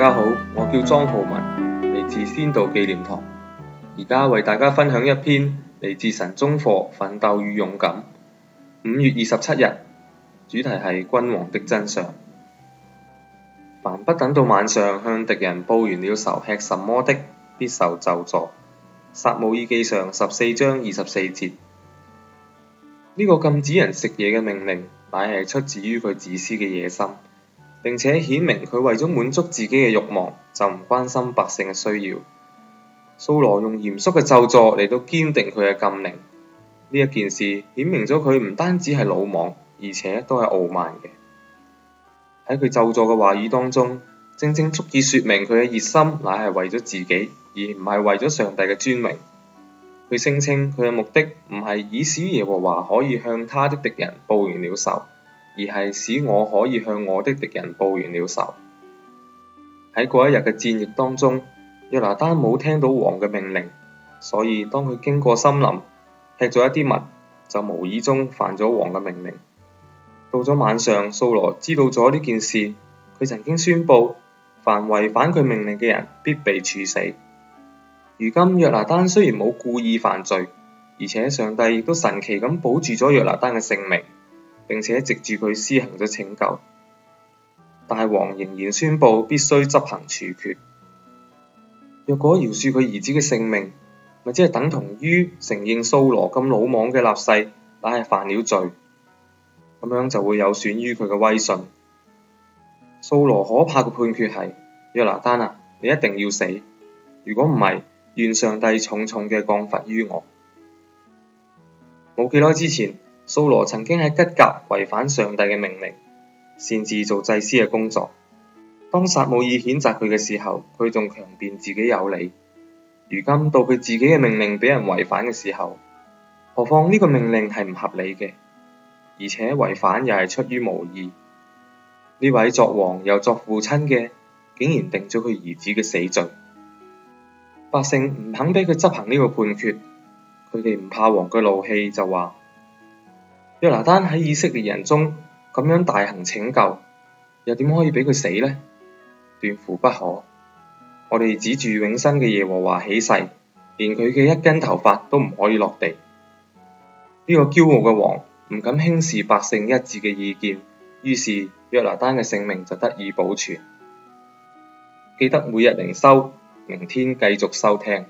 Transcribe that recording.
大家好，我叫莊浩文，嚟自仙渡紀念堂。而家為大家分享一篇嚟自神中課《奮鬥與勇敢》。五月二十七日，主題係君王的真相。凡不等到晚上，向敵人報完了仇，吃什麼的必受咒詛。撒母耳記上十四章二十四節。呢個禁止人食嘢嘅命令，乃係出自於佢自私嘅野心。並且顯明佢為咗滿足自己嘅慾望，就唔關心百姓嘅需要。掃羅用嚴肅嘅咒詛嚟到堅定佢嘅禁令，呢一件事顯明咗佢唔單止係魯莽，而且都係傲慢嘅。喺佢咒詛嘅話語當中，正正足以説明佢嘅熱心乃係為咗自己，而唔係為咗上帝嘅尊榮。佢聲稱佢嘅目的唔係以使耶和華可以向他的敵人報完了仇。而係使我可以向我的敵人報完了仇。喺嗰一日嘅戰役當中，約拿單冇聽到王嘅命令，所以當佢經過森林，吃咗一啲蜜，就無意中犯咗王嘅命令。到咗晚上，掃羅知道咗呢件事，佢曾經宣佈，凡違反佢命令嘅人必被處死。如今約拿單雖然冇故意犯罪，而且上帝亦都神奇咁保住咗約拿單嘅性命。並且藉住佢施行咗拯救，大王仍然宣佈必須執行處決。若果饒恕佢兒子嘅性命，咪即係等同於承認掃羅咁魯莽嘅立誓，乃係犯了罪，咁樣就會有損於佢嘅威信。掃羅可怕嘅判決係：約拿單，啊，你一定要死！如果唔係，願上帝重重嘅降罰於我。冇幾耐之前。蘇羅曾經喺吉甲違反上帝嘅命令，擅自做祭司嘅工作。當撒母耳譴責佢嘅時候，佢仲強辯自己有理。如今到佢自己嘅命令俾人違反嘅時候，何況呢個命令係唔合理嘅，而且違反又係出於無意。呢位作王又作父親嘅，竟然定咗佢兒子嘅死罪。百姓唔肯俾佢執行呢個判決，佢哋唔怕王嘅怒氣，就話。約拿丹喺以色列人中咁樣大行拯救，又點可以俾佢死呢？斷乎不可！我哋指住永生嘅耶和華起誓，連佢嘅一根頭髮都唔可以落地。呢個驕傲嘅王唔敢輕視百姓一致嘅意見，於是約拿丹嘅性命就得以保存。記得每日靈修，明天繼續收聽。